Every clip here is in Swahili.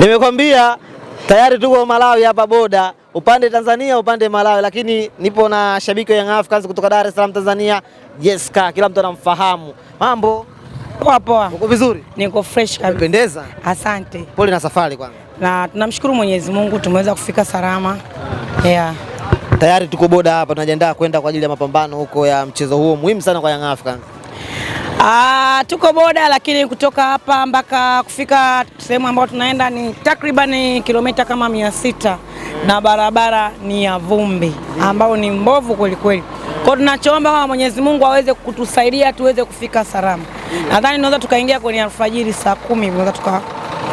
Nimekwambia tayari tuko Malawi hapa boda, upande Tanzania, upande Malawi, lakini nipo na shabiki wa Young Africans kutoka Dar es Salaam Tanzania, Jesca, kila mtu anamfahamu. Mambo poa poa? Uko vizuri? Niko fresh kabisa. Pendeza. Asante. Pole na safari kwanza. Na tunamshukuru Mwenyezi Mungu tumeweza kufika salama. Ah. Yeah. Tayari tuko boda hapa, tunajiandaa kwenda kwa ajili ya mapambano huko ya mchezo huo muhimu sana kwa Young Africans. Ah, tuko boda lakini kutoka hapa mpaka kufika sehemu ambayo tunaenda ni takriban kilomita kama mia sita na barabara ni ya vumbi ambayo ni mbovu kwelikweli. Kwa tunachoomba kwa Mwenyezi Mungu aweze kutusaidia tuweze kufika salama. Nadhani tunaweza tukaingia kwenye alfajiri saa kumi tunaweza tuka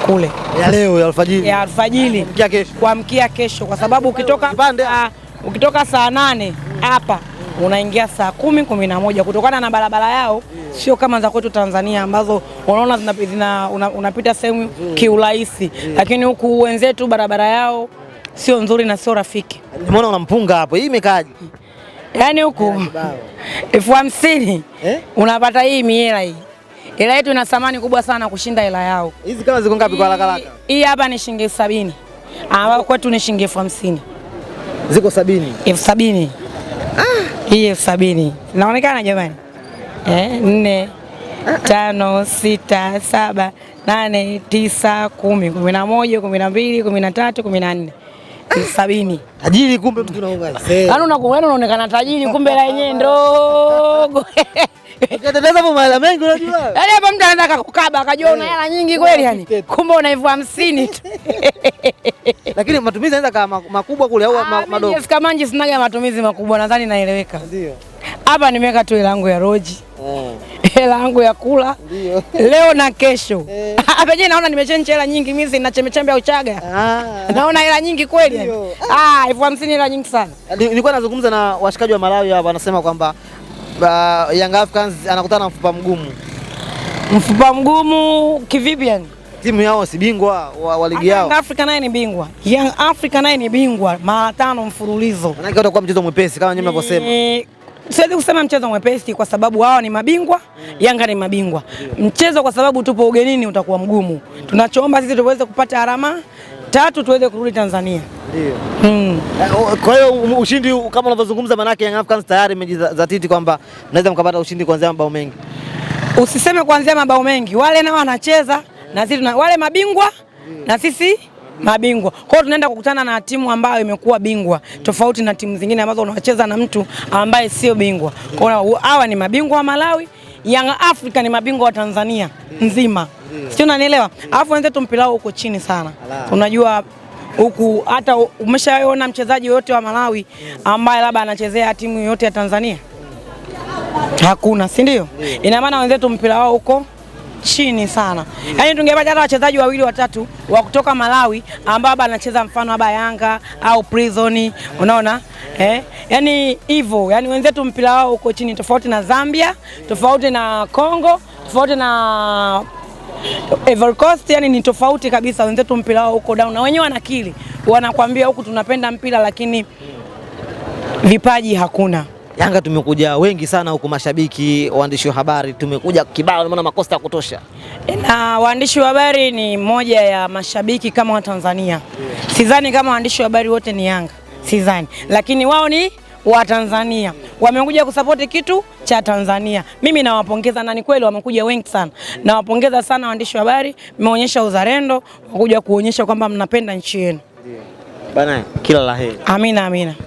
kule ya leo ya alfajiri ya alfajiri kuamkia kesho, kwa sababu ukitoka ukitoka saa nane hapa unaingia saa kumi kumi na moja kutokana na barabara yao yeah. Sio kama za kwetu Tanzania ambazo unaona zina, una, unapita sehemu kiurahisi yeah. Lakini huku wenzetu barabara yao sio nzuri na sio rafiki. Mbona unampunga hapo? Hii imekaaje? Yaani huku yaani elfu hamsini eh? Unapata hii miela hii hela yetu ina thamani kubwa sana kushinda hela yao. Hizi kama ziko ngapi kwa haraka haraka? Hii hapa ni shilingi sabini ambapo kwetu ni shilingi elfu hamsini ziko sabini elfu sabini ah. Hii elfu sabini naonekana jamani eh, nne ah. tano sita saba nane tisa kumi kumi na moja kumi na mbili kumi na tatu kumi na nne ah. sabini tajiri kumbe, yaani eh. yaani unaonekana tajiri kumbe la yenyewe ndogo. Hapa yaani mtu anaweza akakukaba akajua una eh. hela nyingi kweli, yani kumbe una elfu hamsini tu lakini matumizi yanaweza kama makubwa kule au ah, madogo. Yes, kama sina ya matumizi makubwa, nadhani naeleweka. Ndio. Hapa nimeweka tu hela yangu ya roji eh. hela yangu ya kula leo na kesho hapa eh. Naona nimechenja hela nyingi mimi, na chembechembe ya Uchaga ah. Naona hela nyingi kweli ah, elfu hamsini hela nyingi sana. Nilikuwa nazungumza na washikaji wa Malawi hapa, anasema kwamba Young Africans anakutana na mfupa mgumu. Mfupa mgumu kivipi yani? timu yao si bingwa wa, wa ligi yao. Young Africa naye ni bingwa, Young Africa naye ni bingwa mara tano mfululizo. Maana utakuwa mchezo mwepesi kama nyinyi mnavyosema. Eh, siwezi kusema mchezo mwepesi kwa sababu wao ni mabingwa mm. Yanga ni mabingwa yeah. Mchezo kwa sababu tupo ugenini utakuwa mgumu mm. Tunachoomba sisi tuweze kupata alama yeah. Tatu tuweze kurudi Tanzania yeah. mm. Eh, kwa hiyo um, ushindi kama unavyozungumza, maanake Young Africans tayari imejizatiti kwamba mnaweza mkapata ushindi kuanzia mabao mengi. Usiseme kuanzia mabao mengi, wale nao wanacheza na sisi wale mabingwa mm. na sisi mabingwa. Kwa hiyo tunaenda kukutana na timu ambayo imekuwa bingwa mm. tofauti na timu zingine ambazo unacheza na mtu ambaye sio bingwa. Kwa hiyo mm. hawa ni mabingwa wa Malawi, Young Africa ni mabingwa wa Tanzania nzima, sio? Unanielewa? Alafu wenzetu mpira uko chini sana, unajua huku hata umeshaona mchezaji yoyote wa Malawi ambaye labda anachezea timu yoyote ya Tanzania? Hakuna, si ndio? Ina maana wenzetu mpira wao huko chini sana yaani, tungepata hata wachezaji wawili watatu wa kutoka Malawi ambao aba anacheza mfano haba Yanga au Prison, unaona eh? Yaani hivyo yaani, wenzetu mpira wao uko chini, tofauti na Zambia, tofauti na Congo, tofauti na Ivory Coast, yani ni tofauti kabisa. Wenzetu mpira wao uko down, na wenyewe wanakili, wanakwambia huku tunapenda mpira lakini vipaji hakuna. Yanga tumekuja wengi sana huku, mashabiki, waandishi wa habari, tumekuja kibao, maana makosta ya kutosha. Eh, na waandishi wa habari ni moja ya mashabiki kama Watanzania. Sidhani kama waandishi wa habari wote ni Yanga, sidhani, lakini wao ni Watanzania wamekuja kusapoti kitu cha Tanzania. Mimi nawapongeza na ni kweli wamekuja wengi sana, nawapongeza sana waandishi wa habari, mmeonyesha uzalendo, kuja kuonyesha kwamba mnapenda nchi yenu bana. Kila la heri. Amina, amina.